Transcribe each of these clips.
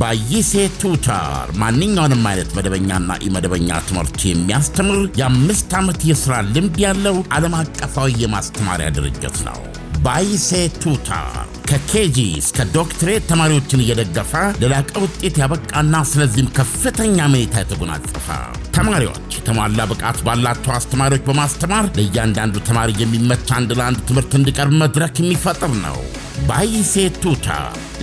ባይሴ ቱተር ማንኛውንም አይነት መደበኛና ኢመደበኛ ትምህርት የሚያስተምር የአምስት ዓመት የሥራ ልምድ ያለው ዓለም አቀፋዊ የማስተማሪያ ድርጅት ነው። ባይሴ ቱተር ከኬጂ እስከ ዶክትሬት ተማሪዎችን እየደገፈ ለላቀ ውጤት ያበቃና ስለዚህም ከፍተኛ መኔታ የተጎናጸፈ ተማሪዎች የተሟላ ብቃት ባላቸው አስተማሪዎች በማስተማር ለእያንዳንዱ ተማሪ የሚመች አንድ ለአንድ ትምህርት እንዲቀርብ መድረክ የሚፈጥር ነው። ባይሴ ቱታ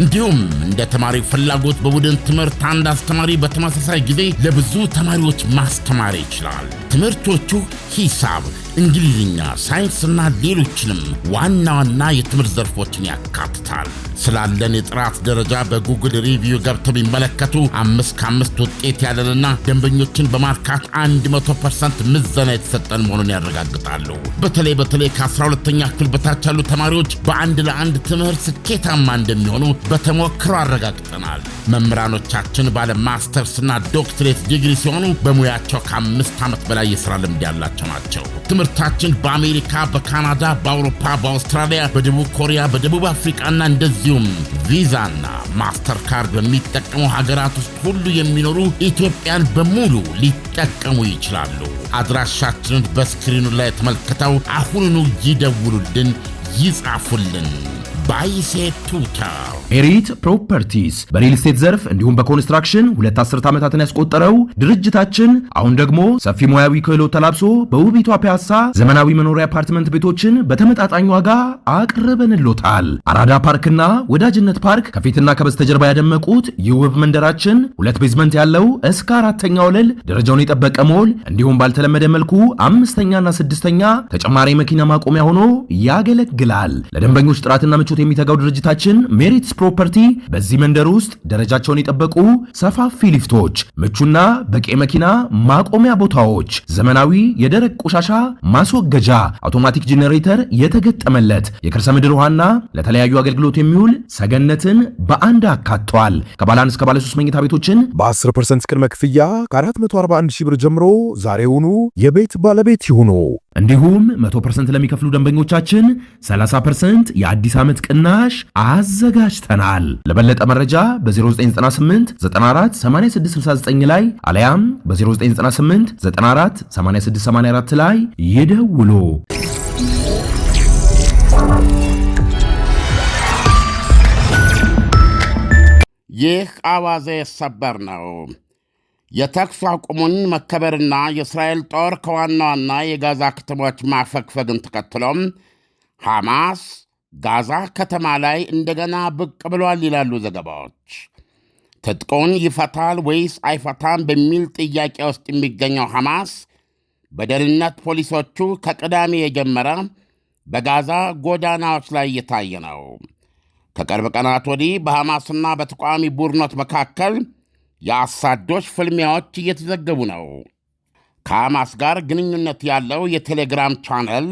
እንዲሁም እንደ ተማሪ ፍላጎት በቡድን ትምህርት አንድ አስተማሪ በተመሳሳይ ጊዜ ለብዙ ተማሪዎች ማስተማር ይችላል። ትምህርቶቹ ሂሳብ፣ እንግሊዝኛ፣ ሳይንስና ሌሎችንም ዋና ዋና የትምህርት ዘርፎችን ያካትታል። ስላለን የጥራት ደረጃ በጉግል ሪቪው ገብተው ቢመለከቱ አምስት ከአምስት ውጤት ያለንና ደንበኞችን በማርክ ለመለካት 100% ምዘና የተሰጠን መሆኑን ያረጋግጣሉ። በተለይ በተለይ ከ12ኛ ክፍል በታች ያሉ ተማሪዎች በአንድ ለአንድ ትምህርት ስኬታማ እንደሚሆኑ በተሞክሮ አረጋግጠናል። መምህራኖቻችን ባለ ማስተርስና ዶክትሬት ዲግሪ ሲሆኑ በሙያቸው ከአምስት ዓመት በላይ የሥራ ልምድ ያላቸው ናቸው። ትምህርታችን በአሜሪካ፣ በካናዳ፣ በአውሮፓ፣ በአውስትራሊያ፣ በደቡብ ኮሪያ፣ በደቡብ አፍሪቃና እንደዚሁም ቪዛና ማስተርካርድ በሚጠቀሙ ሀገራት ውስጥ ሁሉ የሚኖሩ ኢትዮጵያን በሙሉ ሊ ሊጠቀሙ ይችላሉ። አድራሻችንን በስክሪኑ ላይ ተመልክተው አሁኑኑ ይደውሉልን፣ ይጻፉልን። ባይሴ ሜሪት ፕሮፐርቲስ በሪል ስቴት ዘርፍ እንዲሁም በኮንስትራክሽን ሁለት አስርት ዓመታትን ያስቆጠረው ድርጅታችን አሁን ደግሞ ሰፊ ሙያዊ ክህሎት ተላብሶ በውቢቷ ፒያሳ ዘመናዊ መኖሪያ አፓርትመንት ቤቶችን በተመጣጣኝ ዋጋ አቅርበንሎታል። አራዳ ፓርክና ወዳጅነት ፓርክ ከፊትና ከበስተጀርባ ያደመቁት የውብ መንደራችን ሁለት ቤዝመንት ያለው እስከ አራተኛ ወለል ደረጃውን የጠበቀ ሞል እንዲሁም ባልተለመደ መልኩ አምስተኛና ስድስተኛ ተጨማሪ መኪና ማቆሚያ ሆኖ ያገለግላል። ለደንበኞች ጥራትና ምቹ ለመስራት የሚተጋው ድርጅታችን ሜሪትስ ፕሮፐርቲ በዚህ መንደር ውስጥ ደረጃቸውን የጠበቁ ሰፋፊ ሊፍቶች፣ ምቹና በቂ መኪና ማቆሚያ ቦታዎች፣ ዘመናዊ የደረቅ ቆሻሻ ማስወገጃ፣ አውቶማቲክ ጄኔሬተር የተገጠመለት የከርሰ ምድር ውሃና ለተለያዩ አገልግሎት የሚውል ሰገነትን በአንድ አካቷል። ከባለ አንድ እስከ ባለ ሶስት መኝታ ቤቶችን በ10 ፐርሰንት ቅድመ ክፍያ ከ441 ሺህ ብር ጀምሮ ዛሬውኑ የቤት ባለቤት ይሁኑ። እንዲሁም 100% ለሚከፍሉ ደንበኞቻችን 30% የአዲስ ዓመት ቅናሽ አዘጋጅተናል። ለበለጠ መረጃ በ0998 94 8669 ላይ አለያም በ0998 94 8684 ላይ ይደውሉ። ይህ አዋዜ ሰበር ነው። የተኩስ አቁሙን መከበርና የእስራኤል ጦር ከዋና ዋና የጋዛ ከተሞች ማፈግፈግን ተከትሎም ሐማስ ጋዛ ከተማ ላይ እንደገና ብቅ ብሏል ይላሉ ዘገባዎች። ትጥቁን ይፈታል ወይስ አይፈታም በሚል ጥያቄ ውስጥ የሚገኘው ሐማስ በደህንነት ፖሊሶቹ ከቅዳሜ የጀመረ በጋዛ ጎዳናዎች ላይ እየታየ ነው። ከቅርብ ቀናት ወዲህ በሐማስና በተቃዋሚ ቡድኖች መካከል የአሳዶች ፍልሚያዎች እየተዘገቡ ነው። ከሐማስ ጋር ግንኙነት ያለው የቴሌግራም ቻነል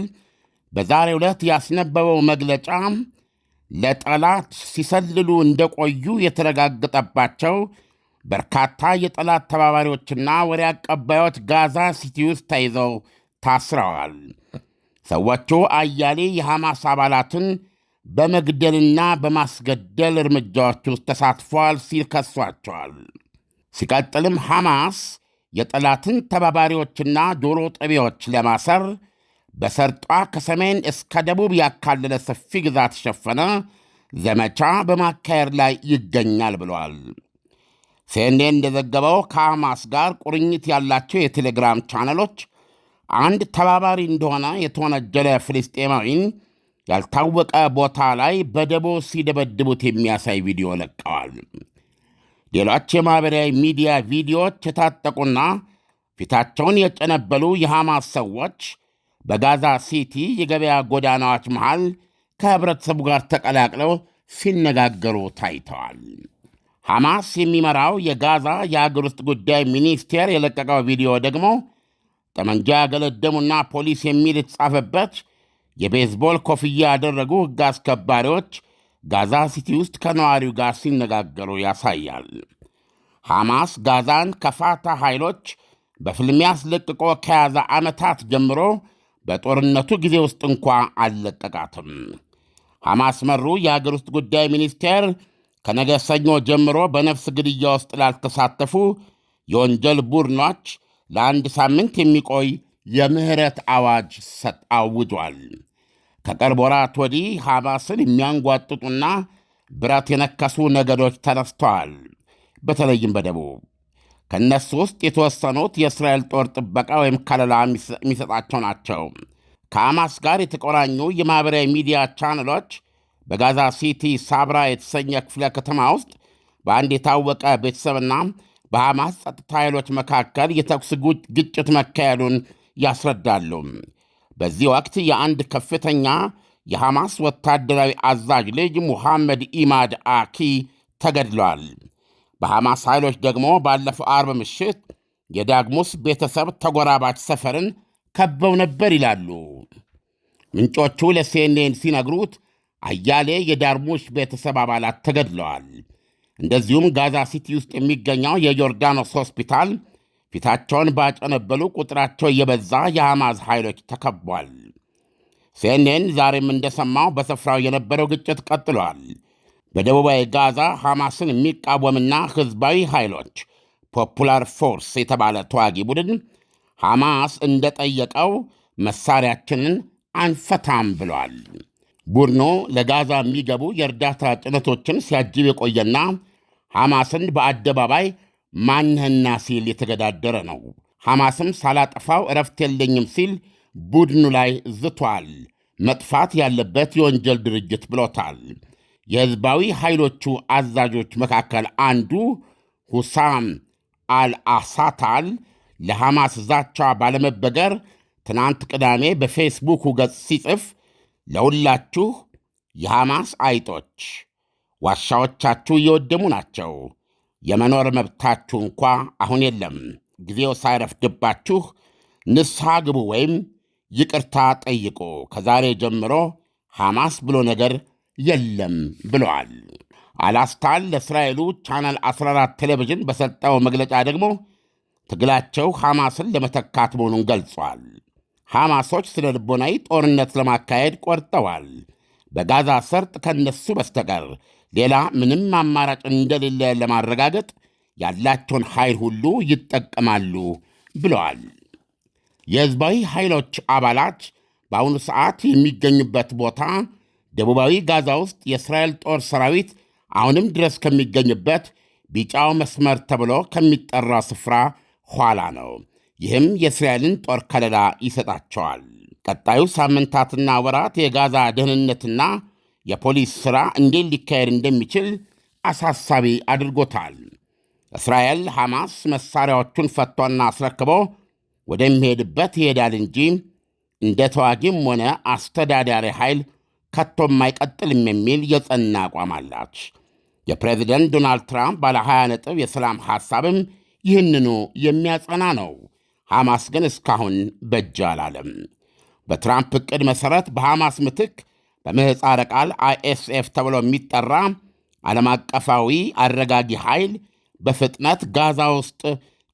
በዛሬ ዕለት ያስነበበው መግለጫ ለጠላት ሲሰልሉ እንደቆዩ የተረጋገጠባቸው በርካታ የጠላት ተባባሪዎችና ወሬ አቀባዮች ጋዛ ሲቲ ውስጥ ተይዘው ታስረዋል። ሰዎቹ አያሌ የሐማስ አባላትን በመግደልና በማስገደል እርምጃዎች ውስጥ ተሳትፈዋል ሲል ከሷቸዋል። ሲቀጥልም ሐማስ የጠላትን ተባባሪዎችና ዶሮ ጠቢዎች ለማሰር በሰርጧ ከሰሜን እስከ ደቡብ ያካለለ ሰፊ ግዛት የሸፈነ ዘመቻ በማካሄድ ላይ ይገኛል ብሏል። ሲኤንኤን እንደዘገበው ከሐማስ ጋር ቁርኝት ያላቸው የቴሌግራም ቻነሎች አንድ ተባባሪ እንደሆነ የተወነጀለ ፍልስጤማዊን ያልታወቀ ቦታ ላይ በደቦ ሲደበድቡት የሚያሳይ ቪዲዮ ለቀዋል። ሌሎች የማኅበራዊ ሚዲያ ቪዲዮዎች የታጠቁና ፊታቸውን የጨነበሉ የሐማስ ሰዎች በጋዛ ሲቲ የገበያ ጎዳናዎች መሃል ከኅብረተሰቡ ጋር ተቀላቅለው ሲነጋገሩ ታይተዋል። ሐማስ የሚመራው የጋዛ የአገር ውስጥ ጉዳይ ሚኒስቴር የለቀቀው ቪዲዮ ደግሞ ጠመንጃ ያገለደሙና ፖሊስ የሚል የተጻፈበት የቤዝቦል ኮፍያ ያደረጉ ሕግ አስከባሪዎች ጋዛ ሲቲ ውስጥ ከነዋሪው ጋር ሲነጋገሩ ያሳያል። ሐማስ ጋዛን ከፋታ ኃይሎች በፍልሚያ አስለቅቆ ከያዘ ዓመታት ጀምሮ በጦርነቱ ጊዜ ውስጥ እንኳ አልለቀቃትም። ሐማስ መሩ የአገር ውስጥ ጉዳይ ሚኒስቴር ከነገ ሰኞ ጀምሮ በነፍስ ግድያ ውስጥ ላልተሳተፉ የወንጀል ቡድኖች ለአንድ ሳምንት የሚቆይ የምሕረት አዋጅ ሰጥ አውጇል። ከቅርብ ወራት ወዲህ ሐማስን የሚያንጓጥጡና ብረት የነከሱ ነገዶች ተነስተዋል። በተለይም በደቡብ ከእነሱ ውስጥ የተወሰኑት የእስራኤል ጦር ጥበቃ ወይም ከለላ የሚሰጣቸው ናቸው። ከሐማስ ጋር የተቆራኙ የማኅበራዊ ሚዲያ ቻነሎች በጋዛ ሲቲ ሳብራ የተሰኘ ክፍለ ከተማ ውስጥ በአንድ የታወቀ ቤተሰብና በሐማስ ጸጥታ ኃይሎች መካከል የተኩስ ግጭት መካሄዱን ያስረዳሉ። በዚህ ወቅት የአንድ ከፍተኛ የሐማስ ወታደራዊ አዛዥ ልጅ ሙሐመድ ኢማድ አኪ ተገድሏል። በሐማስ ኃይሎች ደግሞ ባለፈው አርብ ምሽት የዳግሙስ ቤተሰብ ተጎራባች ሰፈርን ከበው ነበር ይላሉ ምንጮቹ። ለሲኤንኤን ሲነግሩት አያሌ የዳርሙሽ ቤተሰብ አባላት ተገድለዋል። እንደዚሁም ጋዛ ሲቲ ውስጥ የሚገኘው የዮርዳኖስ ሆስፒታል ፊታቸውን ባጨነበሉ ቁጥራቸው እየበዛ የሐማዝ ኃይሎች ተከቧል። ሲኤንኤን ዛሬም እንደሰማው በስፍራው የነበረው ግጭት ቀጥሏል። በደቡባዊ ጋዛ ሐማስን የሚቃወምና ሕዝባዊ ኃይሎች ፖፑላር ፎርስ የተባለ ተዋጊ ቡድን ሐማስ እንደጠየቀው መሳሪያችንን አንፈታም ብሏል። ቡድኑ ለጋዛ የሚገቡ የእርዳታ ጭነቶችን ሲያጅብ የቆየና ሐማስን በአደባባይ ማንህና ሲል የተገዳደረ ነው። ሐማስም ሳላጠፋው እረፍት የለኝም ሲል ቡድኑ ላይ ዝቷል። መጥፋት ያለበት የወንጀል ድርጅት ብሎታል። የሕዝባዊ ኃይሎቹ አዛዦች መካከል አንዱ ሁሳም አልአሳታል ለሐማስ ዛቻ ባለመበገር ትናንት ቅዳሜ በፌስቡኩ ገጽ ሲጽፍ ለሁላችሁ የሐማስ አይጦች ዋሻዎቻችሁ እየወደሙ ናቸው የመኖር መብታችሁ እንኳ አሁን የለም። ጊዜው ሳይረፍድባችሁ ንስሐ ግቡ ወይም ይቅርታ ጠይቁ። ከዛሬ ጀምሮ ሐማስ ብሎ ነገር የለም ብለዋል። አላስታን ለእስራኤሉ ቻናል 14 ቴሌቪዥን በሰጠው መግለጫ ደግሞ ትግላቸው ሐማስን ለመተካት መሆኑን ገልጿል። ሐማሶች ስለ ልቦናዊ ጦርነት ለማካሄድ ቆርጠዋል። በጋዛ ሰርጥ ከነሱ በስተቀር ሌላ ምንም አማራጭ እንደሌለ ለማረጋገጥ ያላቸውን ኃይል ሁሉ ይጠቀማሉ ብለዋል። የሕዝባዊ ኃይሎች አባላት በአሁኑ ሰዓት የሚገኙበት ቦታ ደቡባዊ ጋዛ ውስጥ የእስራኤል ጦር ሰራዊት አሁንም ድረስ ከሚገኝበት ቢጫው መስመር ተብሎ ከሚጠራው ስፍራ ኋላ ነው። ይህም የእስራኤልን ጦር ከለላ ይሰጣቸዋል። ቀጣዩ ሳምንታትና ወራት የጋዛ ደህንነትና የፖሊስ ሥራ እንዴት ሊካሄድ እንደሚችል አሳሳቢ አድርጎታል። እስራኤል ሐማስ መሣሪያዎቹን ፈቷና አስረክቦ ወደሚሄድበት ይሄዳል እንጂ እንደ ተዋጊም ሆነ አስተዳዳሪ ኃይል ከቶም አይቀጥልም የሚል የጸና አቋም አላች። የፕሬዚደንት ዶናልድ ትራምፕ ባለ 20 ነጥብ የሰላም ሐሳብም ይህንኑ የሚያጸና ነው። ሐማስ ግን እስካሁን በእጅ አላለም። በትራምፕ ዕቅድ መሠረት በሐማስ ምትክ በምህፃረ ቃል አይኤስኤፍ ተብሎ የሚጠራ ዓለም አቀፋዊ አረጋጊ ኃይል በፍጥነት ጋዛ ውስጥ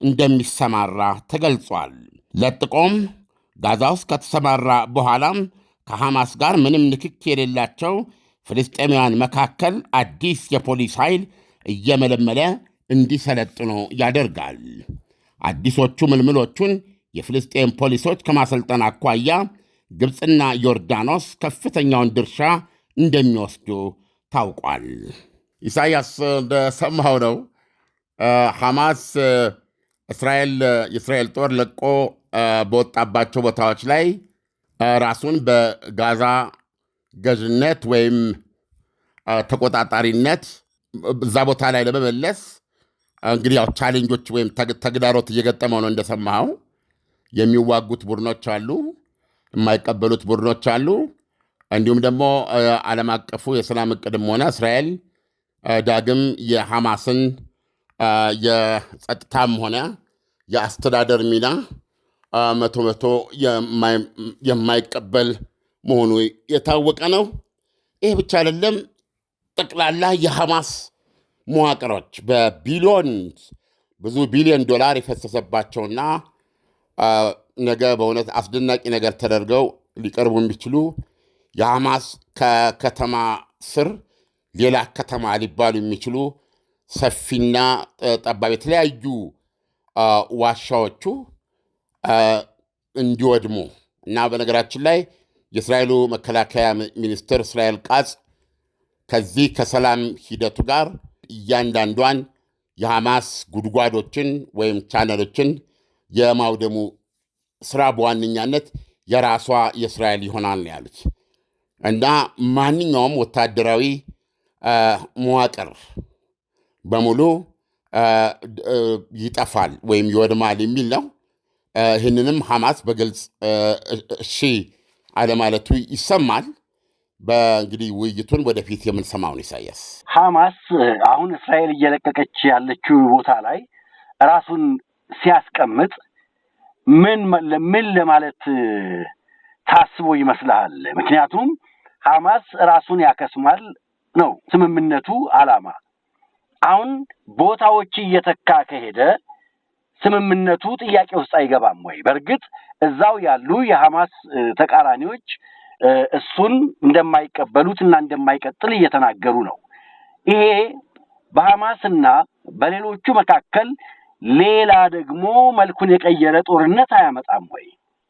እንደሚሰማራ ተገልጿል። ለጥቆም ጋዛ ውስጥ ከተሰማራ በኋላም ከሐማስ ጋር ምንም ንክክ የሌላቸው ፍልስጤማውያን መካከል አዲስ የፖሊስ ኃይል እየመለመለ እንዲሰለጥኑ ያደርጋል። አዲሶቹ ምልምሎቹን የፍልስጤም ፖሊሶች ከማሰልጠን አኳያ ግብፅና ዮርዳኖስ ከፍተኛውን ድርሻ እንደሚወስዱ ታውቋል። ኢሳያስ እንደሰማው ነው ሐማስ እስራኤል የእስራኤል ጦር ለቆ በወጣባቸው ቦታዎች ላይ ራሱን በጋዛ ገዥነት ወይም ተቆጣጣሪነት እዛ ቦታ ላይ ለመመለስ እንግዲህ ያው ቻሌንጆች ወይም ተግዳሮት እየገጠመው ነው። እንደሰማኸው የሚዋጉት ቡድኖች አሉ። የማይቀበሉት ቡድኖች አሉ። እንዲሁም ደግሞ ዓለም አቀፉ የሰላም እቅድም ሆነ እስራኤል ዳግም የሐማስን የጸጥታም ሆነ የአስተዳደር ሚና መቶ መቶ የማይቀበል መሆኑ የታወቀ ነው። ይህ ብቻ አይደለም። ጠቅላላ የሐማስ መዋቅሮች በቢሊዮን ብዙ ቢሊዮን ዶላር የፈሰሰባቸውና ነገ በእውነት አስደናቂ ነገር ተደርገው ሊቀርቡ የሚችሉ የሐማስ ከከተማ ስር ሌላ ከተማ ሊባሉ የሚችሉ ሰፊና ጠባብ የተለያዩ ዋሻዎቹ እንዲወድሙ እና በነገራችን ላይ የእስራኤሉ መከላከያ ሚኒስትር እስራኤል ቃጽ ከዚህ ከሰላም ሂደቱ ጋር እያንዳንዷን የሐማስ ጉድጓዶችን ወይም ቻነሎችን የማውደሙ ስራ በዋነኛነት የራሷ የእስራኤል ይሆናል ነው ያሉት እና ማንኛውም ወታደራዊ መዋቅር በሙሉ ይጠፋል ወይም ይወድማል የሚል ነው። ይህንንም ሐማስ በግልጽ እሺ አለማለቱ ይሰማል። በእንግዲህ ውይይቱን ወደፊት ነው። ኢሳያስ ሐማስ አሁን እስራኤል እየለቀቀች ያለችው ቦታ ላይ ራሱን ሲያስቀምጥ ምን ምን ለማለት ታስቦ ይመስልሃል? ምክንያቱም ሐማስ ራሱን ያከስማል ነው ስምምነቱ አላማ አሁን ቦታዎች እየተካ ከሄደ ስምምነቱ ጥያቄ ውስጥ አይገባም ወይ? በእርግጥ እዛው ያሉ የሐማስ ተቃራኒዎች እሱን እንደማይቀበሉት እና እንደማይቀጥል እየተናገሩ ነው። ይሄ እና በሌሎቹ መካከል ሌላ ደግሞ መልኩን የቀየረ ጦርነት አያመጣም ወይ?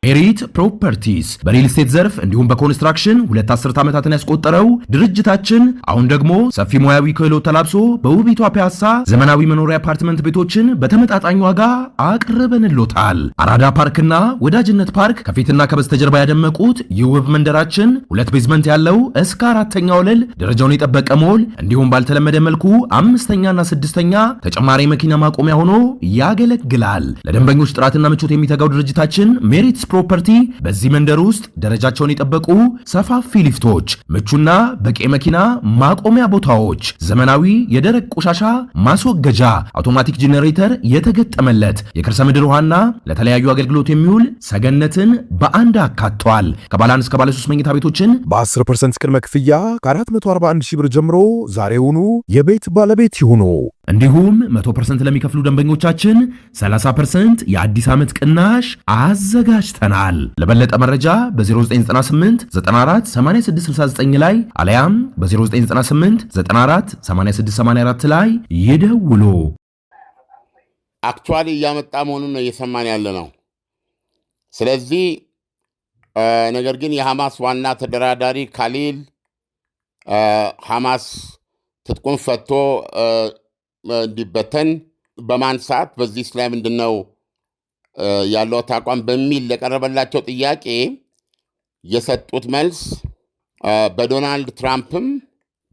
ሜሪት ፕሮፐርቲስ በሪል ስቴት ዘርፍ እንዲሁም በኮንስትራክሽን ሁለት አስርት ዓመታትን ያስቆጠረው ድርጅታችን አሁን ደግሞ ሰፊ ሙያዊ ክህሎት ተላብሶ በውቢቷ ፒያሳ ዘመናዊ መኖሪያ አፓርትመንት ቤቶችን በተመጣጣኝ ዋጋ አቅርበንሎታል። አራዳ ፓርክና ወዳጅነት ፓርክ ከፊትና ከበስተጀርባ ያደመቁት የውብ መንደራችን ሁለት ቤዝመንት ያለው እስከ አራተኛ ወለል ደረጃውን የጠበቀ ሞል እንዲሁም ባልተለመደ መልኩ አምስተኛና ስድስተኛ ተጨማሪ መኪና ማቆሚያ ሆኖ ያገለግላል። ለደንበኞች ጥራትና ምቾት የሚተጋው ድርጅታችን ሜሪትስ ፕሮፐርቲ በዚህ መንደር ውስጥ ደረጃቸውን የጠበቁ ሰፋፊ ሊፍቶች፣ ምቹና በቂ መኪና ማቆሚያ ቦታዎች፣ ዘመናዊ የደረቅ ቆሻሻ ማስወገጃ፣ አውቶማቲክ ጄኔሬተር የተገጠመለት የከርሰ ምድር ውሃና ለተለያዩ አገልግሎት የሚውል ሰገነትን በአንድ አካቷል። ከባለ አንድ እስከ ባለ ሶስት መኝታ ቤቶችን በ10 ቅድመ ክፍያ ከ441 ሺህ ብር ጀምሮ ዛሬውኑ የቤት ባለቤት ይሁኑ። እንዲሁም 100% ለሚከፍሉ ደንበኞቻችን 30% የአዲስ ዓመት ቅናሽ አዘጋጅተናል። ለበለጠ መረጃ በ0998 94 8669 ላይ አለያም በ0998 94 8684 ላይ ይደውሉ። አክቹዋሊ እያመጣ መሆኑን ነው እየሰማን ያለ ነው። ስለዚህ ነገር ግን የሐማስ ዋና ተደራዳሪ ካሊል ሐማስ ትጥቁን ፈቶ እንዲበተን በማንሳት በዚህ ስላይ ምንድን ነው ያለዎት አቋም በሚል ለቀረበላቸው ጥያቄ የሰጡት መልስ በዶናልድ ትራምፕም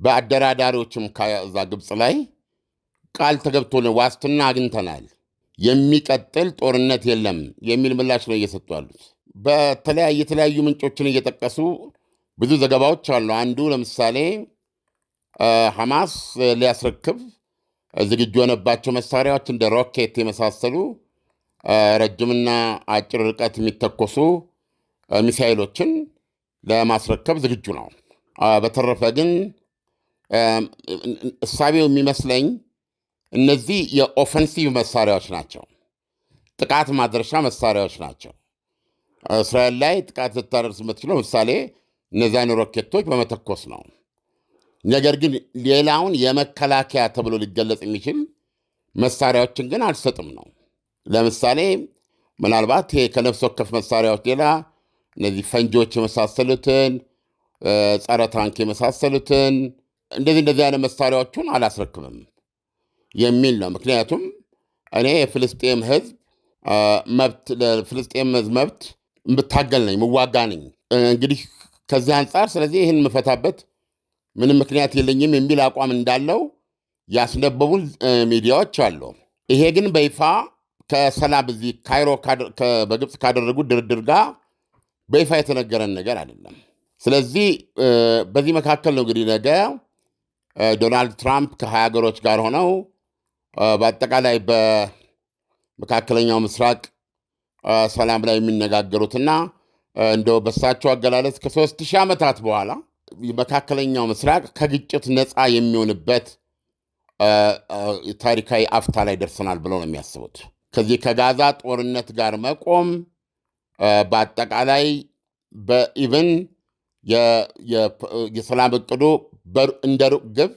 በአደራዳሪዎችም ከዛ ግብፅ ላይ ቃል ተገብቶ ዋስትና አግኝተናል፣ የሚቀጥል ጦርነት የለም የሚል ምላሽ ነው እየሰጡ ያሉት። በተለያየ የተለያዩ ምንጮችን እየጠቀሱ ብዙ ዘገባዎች አሉ። አንዱ ለምሳሌ ሐማስ ሊያስረክብ ዝግጁ የሆነባቸው መሳሪያዎች እንደ ሮኬት የመሳሰሉ ረጅምና አጭር ርቀት የሚተኮሱ ሚሳይሎችን ለማስረከብ ዝግጁ ነው። በተረፈ ግን እሳቤው የሚመስለኝ እነዚህ የኦፈንሲቭ መሳሪያዎች ናቸው፣ ጥቃት ማድረሻ መሳሪያዎች ናቸው። እስራኤል ላይ ጥቃት ልታደርስ የምትችለው ምሳሌ እነዚያን ሮኬቶች በመተኮስ ነው። ነገር ግን ሌላውን የመከላከያ ተብሎ ሊገለጽ የሚችል መሳሪያዎችን ግን አልሰጥም ነው። ለምሳሌ ምናልባት ከነፍስ ወከፍ መሳሪያዎች ሌላ እነዚህ ፈንጂዎች የመሳሰሉትን፣ ጸረ ታንክ የመሳሰሉትን እንደዚህ እንደዚህ አይነት መሳሪያዎቹን አላስረክብም የሚል ነው። ምክንያቱም እኔ የፍልስጤም ህዝብ መብት ለፍልስጤም ህዝብ መብት የምታገል ነኝ፣ ምዋጋ ነኝ። እንግዲህ ከዚህ አንጻር ስለዚህ ይህን የምፈታበት ምንም ምክንያት የለኝም የሚል አቋም እንዳለው ያስነበቡ ሚዲያዎች አሉ። ይሄ ግን በይፋ ከሰላም እዚህ ካይሮ በግብፅ ካደረጉት ድርድር ጋር በይፋ የተነገረን ነገር አይደለም። ስለዚህ በዚህ መካከል ነው እንግዲህ ነገ ዶናልድ ትራምፕ ከሀያ ሀገሮች ጋር ሆነው በአጠቃላይ በመካከለኛው ምስራቅ ሰላም ላይ የሚነጋገሩትና እንደው በሳቸው አገላለጽ ከሶስት ሺህ ዓመታት በኋላ መካከለኛው ምስራቅ ከግጭት ነፃ የሚሆንበት ታሪካዊ አፍታ ላይ ደርሰናል ብለው ነው የሚያስቡት። ከዚህ ከጋዛ ጦርነት ጋር መቆም በአጠቃላይ በኢቨን የሰላም እቅዱ እንደ ሩቅ ግብ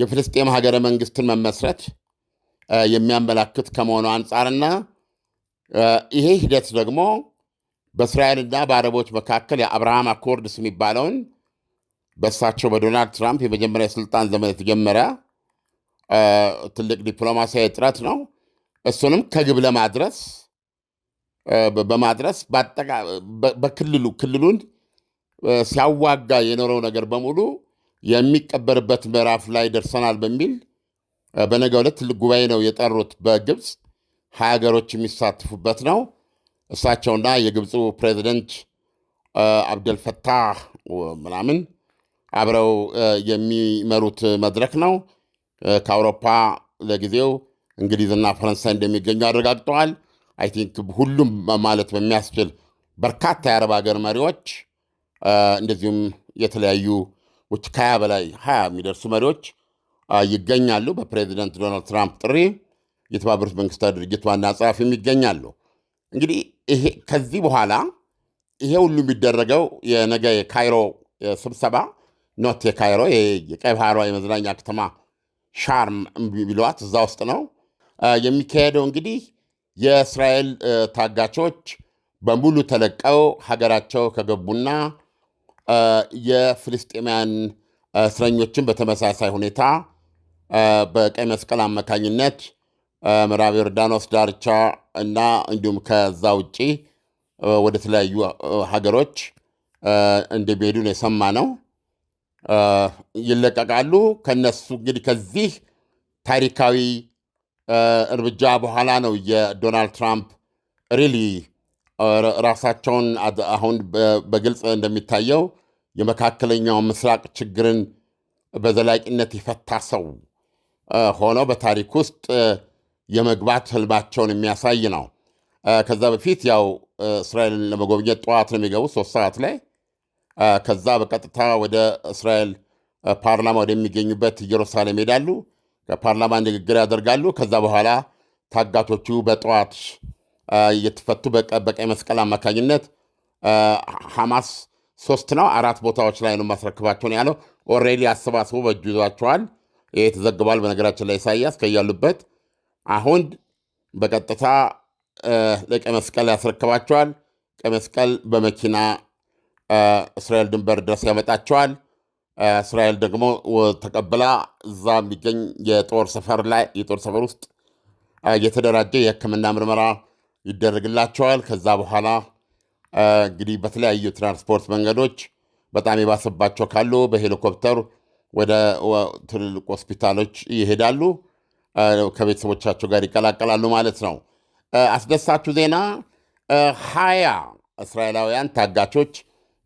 የፍልስጤም ሀገረ መንግስትን መመስረት የሚያመላክት ከመሆኑ አንጻርና ይሄ ሂደት ደግሞ በእስራኤልና በአረቦች መካከል የአብርሃም አኮርድስ የሚባለውን በእሳቸው በዶናልድ ትራምፕ የመጀመሪያ የስልጣን ዘመን የተጀመረ ትልቅ ዲፕሎማሲያዊ ጥረት ነው። እሱንም ከግብ ለማድረስ በማድረስ በክልሉ ክልሉን ሲያዋጋ የኖረው ነገር በሙሉ የሚቀበርበት ምዕራፍ ላይ ደርሰናል በሚል በነገ ዕለት ትልቅ ጉባኤ ነው የጠሩት። በግብፅ ሀያ ሀገሮች የሚሳትፉበት ነው። እሳቸውና የግብፁ ፕሬዚደንት አብደልፈታህ ምናምን አብረው የሚመሩት መድረክ ነው። ከአውሮፓ ለጊዜው እንግሊዝና ፈረንሳይ እንደሚገኙ አረጋግጠዋል። አይ ቲንክ ሁሉም ማለት በሚያስችል በርካታ የአረብ ሀገር መሪዎች እንደዚሁም የተለያዩ ውጭ ከሀያ በላይ ሀያ የሚደርሱ መሪዎች ይገኛሉ። በፕሬዚደንት ዶናልድ ትራምፕ ጥሪ የተባበሩት መንግስታት ድርጅት ዋና ጸሐፊም ይገኛሉ። እንግዲህ ከዚህ በኋላ ይሄ ሁሉ የሚደረገው የነገ የካይሮ ስብሰባ ኖት የካይሮ የቀይ ባህሯ የመዝናኛ ከተማ ሻርም ቢሏት እዛ ውስጥ ነው የሚካሄደው። እንግዲህ የእስራኤል ታጋቾች በሙሉ ተለቀው ሀገራቸው ከገቡና የፍልስጤማውያን እስረኞችን በተመሳሳይ ሁኔታ በቀይ መስቀል አማካኝነት ምዕራብ ዮርዳኖስ ዳርቻ እና እንዲሁም ከዛ ውጪ ወደ ተለያዩ ሀገሮች እንደሚሄዱ ነው የሰማ ነው። ይለቀቃሉ። ከነሱ እንግዲህ ከዚህ ታሪካዊ እርምጃ በኋላ ነው የዶናልድ ትራምፕ ሪሊ ራሳቸውን አሁን በግልጽ እንደሚታየው የመካከለኛው ምስራቅ ችግርን በዘላቂነት የፈታ ሰው ሆነው በታሪክ ውስጥ የመግባት ህልማቸውን የሚያሳይ ነው። ከዛ በፊት ያው እስራኤልን ለመጎብኘት ጠዋት ነው የሚገቡት ሶስት ሰዓት ላይ ከዛ በቀጥታ ወደ እስራኤል ፓርላማ ወደሚገኙበት ኢየሩሳሌም ሄዳሉ። ከፓርላማ ንግግር ያደርጋሉ። ከዛ በኋላ ታጋቾቹ በጠዋት እየተፈቱ በቀይ መስቀል አማካኝነት ሐማስ ሶስት ነው አራት ቦታዎች ላይ ነው ማስረክባቸው ነው ያለው። ኦልሬዲ አሰባስቡ በእጁ ይዟቸዋል። ይህ ተዘግቧል። በነገራችን ላይ ኢሳያስ ከያሉበት አሁን በቀጥታ ለቀይ መስቀል ያስረክባቸዋል። ቀይ መስቀል በመኪና እስራኤል ድንበር ድረስ ያመጣቸዋል። እስራኤል ደግሞ ተቀብላ እዛ የሚገኝ የጦር ሰፈር ላይ የጦር ሰፈር ውስጥ የተደራጀ የሕክምና ምርመራ ይደረግላቸዋል። ከዛ በኋላ እንግዲህ በተለያዩ ትራንስፖርት መንገዶች በጣም የባሰባቸው ካሉ በሄሊኮፕተር ወደ ትልልቅ ሆስፒታሎች ይሄዳሉ። ከቤተሰቦቻቸው ጋር ይቀላቀላሉ ማለት ነው። አስደሳቹ ዜና ሀያ እስራኤላውያን ታጋቾች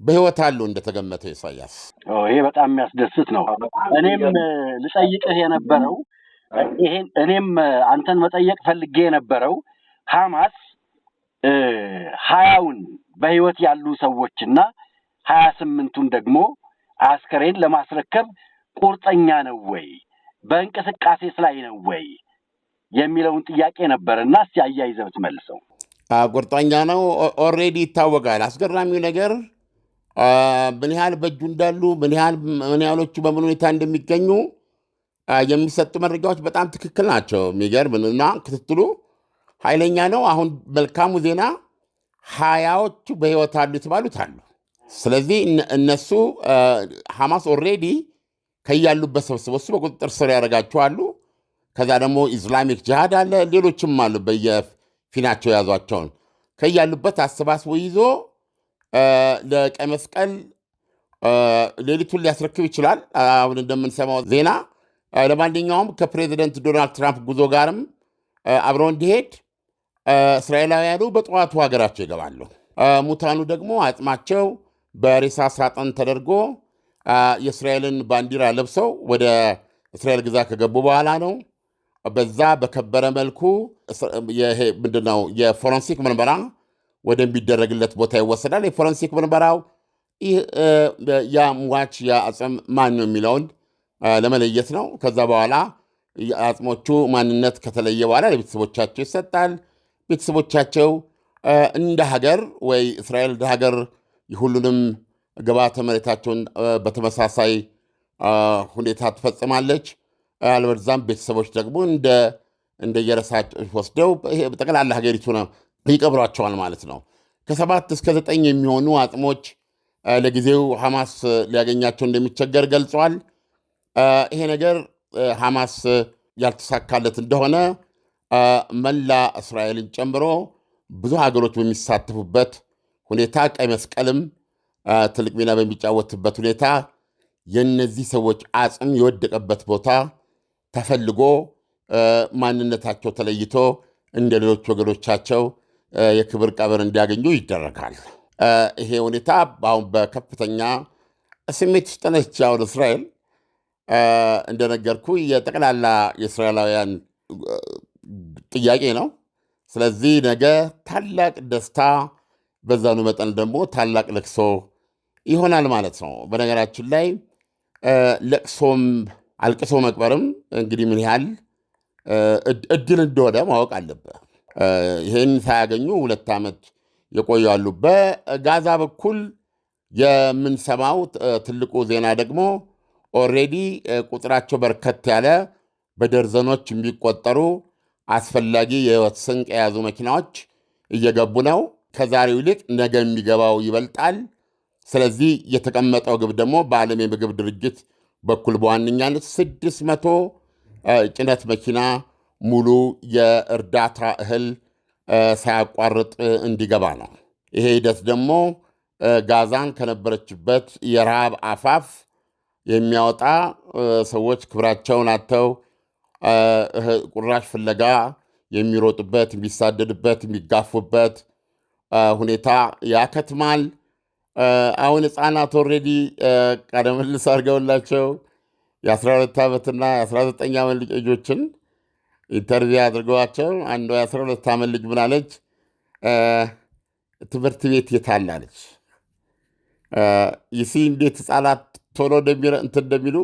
በህይወት አሉ እንደተገመተው ኢሳያስ። ይሄ በጣም የሚያስደስት ነው። እኔም ልጠይቅህ የነበረው ይሄን እኔም አንተን መጠየቅ ፈልጌ የነበረው ሐማስ ሀያውን በህይወት ያሉ ሰዎችና ሀያ ስምንቱን ደግሞ አስከሬን ለማስረከብ ቁርጠኛ ነው ወይ በእንቅስቃሴስ ላይ ነው ወይ የሚለውን ጥያቄ ነበር እና እስቲ አያይዘህ ብትመልሰው። ቁርጠኛ ነው ኦልሬዲ ይታወቃል። አስገራሚው ነገር ምን ያህል በእጁ እንዳሉ ምን ያህሎቹ በምን ሁኔታ እንደሚገኙ የሚሰጡ መረጃዎች በጣም ትክክል ናቸው። የሚገርም እና ክትትሉ ኃይለኛ ነው። አሁን መልካሙ ዜና ሀያዎቹ በህይወት አሉ የተባሉት አሉ። ስለዚህ እነሱ ሐማስ ኦሬዲ ከያሉበት ሰብስበ እሱ በቁጥጥር ስር ያደርጋቸዋሉ። ከዛ ደግሞ ኢስላሚክ ጅሃድ አለ፣ ሌሎችም አሉ በየፊናቸው የያዟቸውን ከያሉበት አሰባስቦ ይዞ ለቀይ መስቀል ሌሊቱን ሊያስረክብ ይችላል። አሁን እንደምንሰማው ዜና ለማንኛውም ከፕሬዚደንት ዶናልድ ትራምፕ ጉዞ ጋርም አብረው እንዲሄድ እስራኤላውያኑ በጠዋቱ ሀገራቸው ይገባሉ። ሙታኑ ደግሞ አጽማቸው በሬሳ ሳጥን ተደርጎ የእስራኤልን ባንዲራ ለብሰው ወደ እስራኤል ግዛት ከገቡ በኋላ ነው። በዛ በከበረ መልኩ ምንድነው የፎረንሲክ ምርመራ ወደሚደረግለት ቦታ ይወሰዳል። የፎረንሲክ ምርመራው የሟች የአጽም ማን ነው የሚለውን ለመለየት ነው። ከዛ በኋላ የአጽሞቹ ማንነት ከተለየ በኋላ ለቤተሰቦቻቸው ይሰጣል። ቤተሰቦቻቸው እንደ ሀገር ወይ እስራኤል እንደ ሀገር ሁሉንም ግብዓተ መሬታቸውን በተመሳሳይ ሁኔታ ትፈጽማለች። አልበዛም ቤተሰቦች ደግሞ እንደየራሳቸው ወስደው ጠቅላላ ሀገሪቱ ነው ይቀብሯቸዋል ማለት ነው። ከሰባት እስከ ዘጠኝ የሚሆኑ አጽሞች ለጊዜው ሐማስ ሊያገኛቸው እንደሚቸገር ገልጿል። ይሄ ነገር ሐማስ ያልተሳካለት እንደሆነ መላ እስራኤልን ጨምሮ ብዙ ሀገሮች በሚሳተፉበት ሁኔታ ቀይ መስቀልም ትልቅ ሚና በሚጫወትበት ሁኔታ የእነዚህ ሰዎች አጽም የወደቀበት ቦታ ተፈልጎ ማንነታቸው ተለይቶ እንደ ሌሎች ወገኖቻቸው የክብር ቀብር እንዲያገኙ ይደረጋል። ይሄ ሁኔታ አሁን በከፍተኛ ስሜት ውስጥ ነች አሁን እስራኤል። እንደነገርኩ የጠቅላላ የእስራኤላውያን ጥያቄ ነው። ስለዚህ ነገ ታላቅ ደስታ፣ በዛኑ መጠን ደግሞ ታላቅ ለቅሶ ይሆናል ማለት ነው። በነገራችን ላይ ለቅሶም አልቅሶ መቅበርም እንግዲህ ምን ያህል እድል እንደሆነ ማወቅ አለበት። ይህን ሳያገኙ ሁለት ዓመት ይቆያሉ። በጋዛ በኩል የምንሰማው ትልቁ ዜና ደግሞ ኦሬዲ ቁጥራቸው በርከት ያለ በደርዘኖች የሚቆጠሩ አስፈላጊ የህይወት ስንቅ የያዙ መኪናዎች እየገቡ ነው። ከዛሬው ይልቅ ነገ የሚገባው ይበልጣል። ስለዚህ የተቀመጠው ግብ ደግሞ በዓለም የምግብ ድርጅት በኩል በዋነኛነት ስድስት መቶ ጭነት መኪና ሙሉ የእርዳታ እህል ሳያቋርጥ እንዲገባ ነው። ይሄ ሂደት ደግሞ ጋዛን ከነበረችበት የረሃብ አፋፍ የሚያወጣ ሰዎች ክብራቸውን አጥተው ቁራሽ ፍለጋ የሚሮጡበት፣ የሚሳደዱበት፣ የሚጋፉበት ሁኔታ ያከትማል። አሁን ሕፃናት ኦልሬዲ ቃለ አድርገውላቸው የ12 ዓመትና የ19 ዓመት ልጆችን ኢንተርቪው አድርገዋቸው አንዷ የአስራ ሁለት ዓመት ልጅ ምናለች፣ ትምህርት ቤት የታላለች ይሲ እንዴት ህፃናት ቶሎ እንትን እንደሚሉ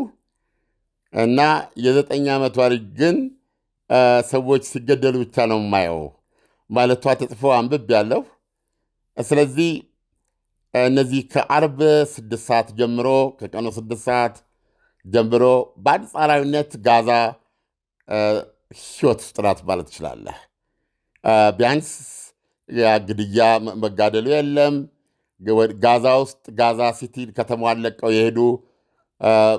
እና የዘጠኝ ዓመቷ ልጅ ግን ሰዎች ሲገደሉ ብቻ ነው የማየው ማለቷ ተጽፎ አንብብ ያለው። ስለዚህ እነዚህ ከአርብ ስድስት ሰዓት ጀምሮ ከቀኑ ስድስት ሰዓት ጀምሮ በአንጻራዊነት ጋዛ ህይወት ጥናት ማለት ትችላለህ። ቢያንስ ግድያ መጋደሉ የለም። ጋዛ ውስጥ ጋዛ ሲቲ ከተማዋን ለቀው የሄዱ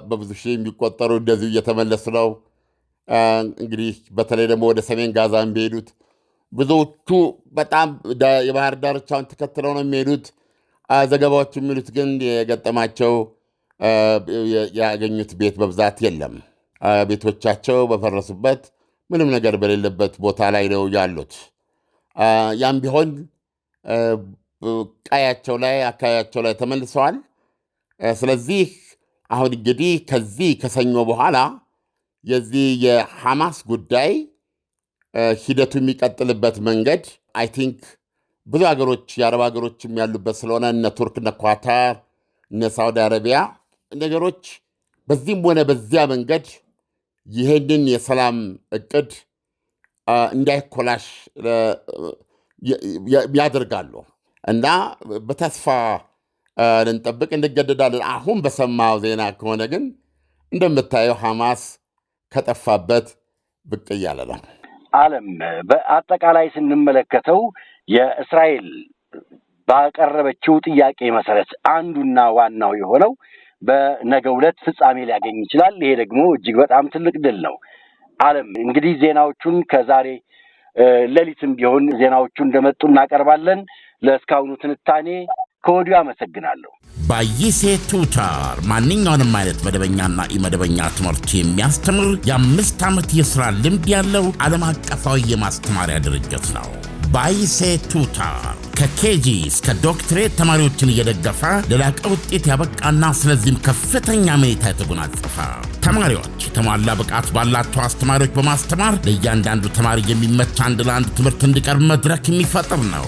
በብዙ ሺህ የሚቆጠሩ እንደዚሁ እየተመለሱ ነው። እንግዲህ በተለይ ደግሞ ወደ ሰሜን ጋዛ የሚሄዱት ብዙዎቹ በጣም የባህር ዳርቻውን ተከትለው ነው የሚሄዱት። ዘገባዎች የሚሉት ግን የገጠማቸው ያገኙት ቤት በብዛት የለም። ቤቶቻቸው በፈረሱበት ምንም ነገር በሌለበት ቦታ ላይ ነው ያሉት። ያም ቢሆን ቀያቸው ላይ አካባቢያቸው ላይ ተመልሰዋል። ስለዚህ አሁን እንግዲህ ከዚህ ከሰኞ በኋላ የዚህ የሐማስ ጉዳይ ሂደቱ የሚቀጥልበት መንገድ አይ ቲንክ ብዙ ሀገሮች የአረብ ሀገሮችም ያሉበት ስለሆነ እነ ቱርክ፣ እነ ኳታር፣ እነ ሳውዲ አረቢያ ነገሮች በዚህም ሆነ በዚያ መንገድ ይህንን የሰላም እቅድ እንዳይኮላሽ ያደርጋሉ እና በተስፋ ልንጠብቅ እንገደዳለን። አሁን በሰማው ዜና ከሆነ ግን እንደምታየው ሐማስ ከጠፋበት ብቅ እያለ ነው። ዓለም በአጠቃላይ ስንመለከተው የእስራኤል ባቀረበችው ጥያቄ መሰረት አንዱና ዋናው የሆነው በነገ ዕለት ፍጻሜ ሊያገኝ ይችላል። ይሄ ደግሞ እጅግ በጣም ትልቅ ድል ነው። ዓለም እንግዲህ ዜናዎቹን ከዛሬ ሌሊትም ቢሆን ዜናዎቹ እንደመጡ እናቀርባለን። ለእስካሁኑ ትንታኔ ከወዲሁ አመሰግናለሁ። ባይሴ ቱታር ማንኛውንም አይነት መደበኛና ኢመደበኛ ትምህርት የሚያስተምር የአምስት ዓመት የሥራ ልምድ ያለው ዓለም አቀፋዊ የማስተማሪያ ድርጅት ነው። ባይሴ ቱታ ከኬጂ እስከ ዶክትሬት ተማሪዎችን እየደገፈ ለላቀ ውጤት ያበቃና ስለዚህም ከፍተኛ መኔታ የተጎናጸፈ ተማሪዎች የተሟላ ብቃት ባላቸው አስተማሪዎች በማስተማር ለእያንዳንዱ ተማሪ የሚመች አንድ ለአንድ ትምህርት እንዲቀርብ መድረክ የሚፈጥር ነው።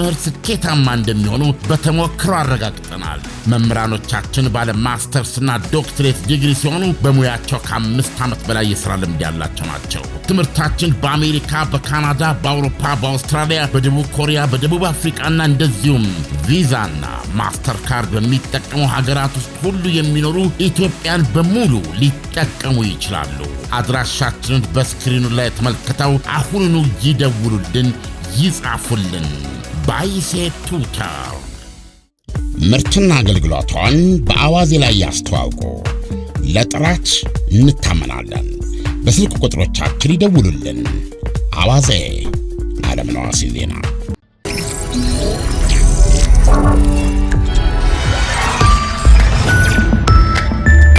ትምህርት ስኬታማ እንደሚሆኑ በተሞክሮ አረጋግጠናል። መምህራኖቻችን ባለ ማስተርስና ዶክትሬት ዲግሪ ሲሆኑ በሙያቸው ከአምስት ዓመት በላይ የሥራ ልምድ ያላቸው ናቸው። ትምህርታችን በአሜሪካ፣ በካናዳ፣ በአውሮፓ፣ በአውስትራሊያ፣ በደቡብ ኮሪያ፣ በደቡብ አፍሪቃና እንደዚሁም ቪዛና ማስተር ካርድ በሚጠቀሙ ሀገራት ውስጥ ሁሉ የሚኖሩ ኢትዮጵያን በሙሉ ሊጠቀሙ ይችላሉ። አድራሻችንን በስክሪኑ ላይ ተመልክተው አሁኑኑ ይደውሉልን፣ ይጻፉልን። ባይሴቱ ታውን ምርትና አገልግሎቷን በአዋዜ ላይ ያስተዋውቁ። ለጥራች እንታመናለን። በስልክ ቁጥሮቻችን ይደውሉልን። አዋዜ ዓለምነህ ዋሴ ዜና